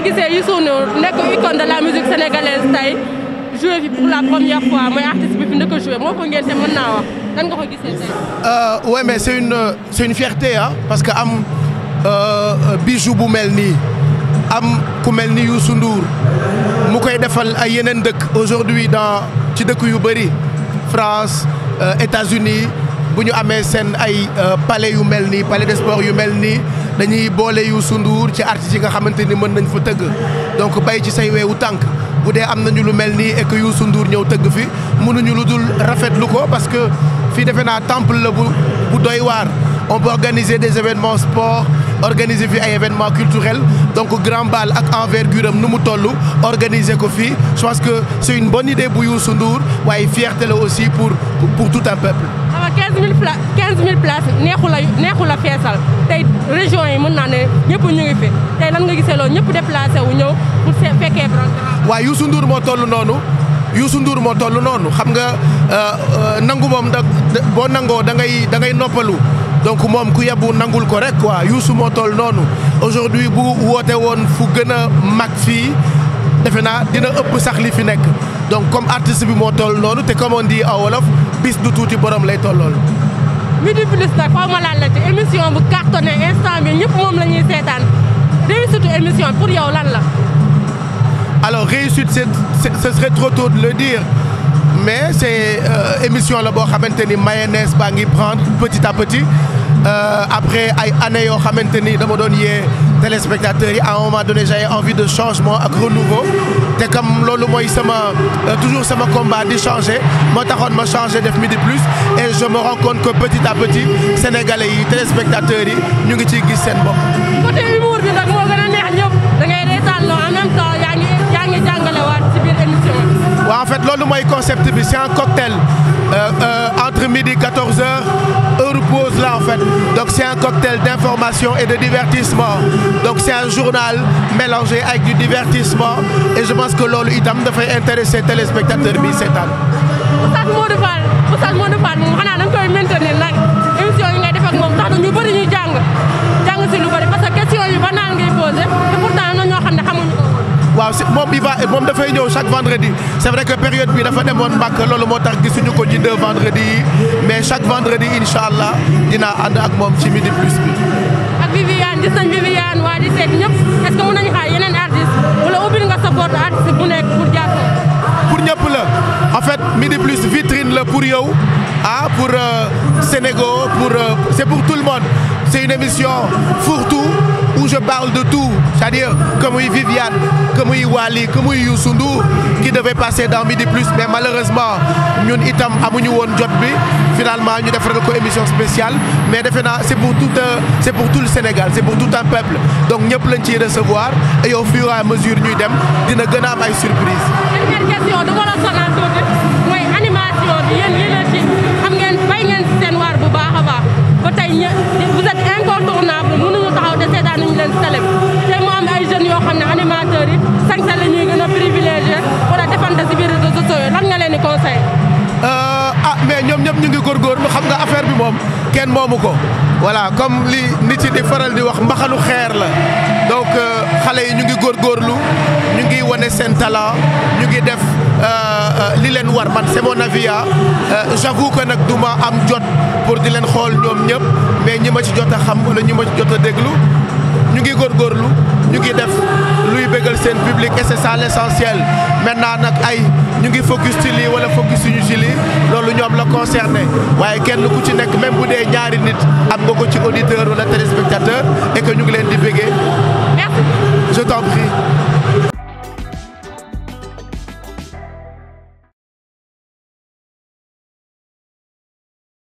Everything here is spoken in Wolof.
nga gisee Youssou Ndour nekk icône de la musique sénégalaise tey joué fi pour la première fois mooy artiste fi njëkk a joué moo ko ngeen te mën naa wax nan nga ko tey. Euh, parce que am euh, bijou bu mel nii am ku mel ni Youssou Ndour mu koy defal ay yeneen dëkk aujourd'hui dans ci dëkk yu bëri France euh, États-Unis bu ñu amee seen ay euh, palais yu mel nii palais de sport yu mel nii dañuy boole Youssou Ndour ci art yi nga xamante ni mën nañ fa tëgg donc bay ci say weewu tànk bu dee am nañu lu mel nii et que Youssou Ndour ñëw tëgg fi mënuñu lu dul lu ko parce que fii defe naa temple la bu bu doy waar on peut organiser des événements sport organiser fi ay événements culturels donc grand bal ak envergure am nu mu tollu organiser ko fii je pense que c'est une bonne idée bu Youssou Ndour waaye fierté la aussi pour pour tout un peuple quinze mille pla quinze mille places neexu la neexu la feesal tey région yi mën naa ne ñëpp ñu ngi fi tey nan nga gisee loolu ñëpp déplacé wu ñëw pour fekkee programme. waaw Youssou Ndour moo toll noonu Youssou Ndour moo toll noonu xam nga euh, euh, nangu moom da boo nangoo da ngay da noppalu donc moom ku yebu nangul ko rek quoi Youssou moo toll noonu aujourd'hui bu woote woon fu gën a mag fii defe naa dina ëpp sax li fi nekk donc comme artiste bi moo toll noonu te comme on dit wolof. bis du tuuti borom lay tollool. midi plus nag xaw ma laal la ci émission bu cartonné instant bi ñëpp moom la ñuy seetaan réussite émission pour yow lan la. alors réussite c'est ce serait trop tôt le dire mais c'est euh, émission la boo xamante ni mayonnaise baa ngi prendre petit à petit. Euh, après ay années yoo xamante ni dama doon yee téléspectateurs yi à un moment donné j'avais envie de changement ak renouveau te comme loolu mooy sama euh, toujours sama combat di changer moo taxoon ma changer def midi plus et je me rends compte que petit à petit sénégalais yi téléspectateurs yi ñu ngi ci gis seen bopp. côté humour bi nag moo gën a neex ñëpp da ngay reetaanloo en même temps yaa ngi yaa ngi jàngale en fait loolu mooy concept bi c'est un cocktail euh, entre midi 14h. propose là en fait. Donc c'est un cocktail d'information et de divertissement. Donc c'est un journal mélangé avec du divertissement et je pense que loolu itam dafay intéresser téléspectateur bi seetaan. Oustaz Modou Fall Oustaz Modou Fall moom xanaa dañ koy maintenir nag émission yi ngay def ak moom tax na ñu bëri ñu jàng jàng si lu bëri parce que question yu banal ngay posé te pourtant am na ñoo xam ne xamuñu chaque vendredi c' que période bi dafa demoon mbàkk loolu moo tax gisuñu ko ci vendredi mais chaque vendredi incha allah dinaa ànd ak moom ci midi plus bi. ak Viviane gis nañ Viviane waa di seet ñëpp est ce nañu xaar yeneen artistes wala ubbil nga support artiste bu nekk pour jàppale. pour ñëpp la en fait midi plus vitrine la pour yow ah pour euh, Sénégal pour euh, c' est pour monde. c'est une émission fourre-tout où je parle de tout c'est-à-dire que muy Viviane que muy Wally que muy Youssou Ndour qui devait passer dans Midi Plus mais malheureusement ñun itam amu ñu woon jot bi finalement ñu defaral ko émission spéciale mais defe naa c'est pour tout euh, c'est pour tout le Sénégal c'est pour tout un peuple donc ñëpp lañ ci recevoir et au fur et à mesure ñuy dem dina gën a am ay surprise mooy animation bi yéen yéen a ci xam ngeen bay ngeen seen waar bu baax conseil euh, ah mais ñoom ñëpp ñu ngi góorgóorlu xam nga affaire bi moom kenn moomu ko voilà comme li nit yi di faral di wax mbaxalu xeer la donc euh, xale yi ñu ngi góor góorlu ñu ngi wane seen talent ñu ngi def euh, li leen war man c'est mon avis ah. j'avoue que nag ma am jot pour di leen xool ñoom ñëpp mais ñi ma ci jot a xam wala ñi ma ci jot a déglu ñu ngi góorlu ñu ngi def bégal seen public et c'est ça l'essentiel maintenant nag ay ñu ngi focus ci lii wala focus suñu ci lii loolu ñoom la concerné waaye kenn ku ci nekk même bu dee ñaari nit am nga ko ci auditeur wala téléspectateur et que ñu ngi leen di bégee je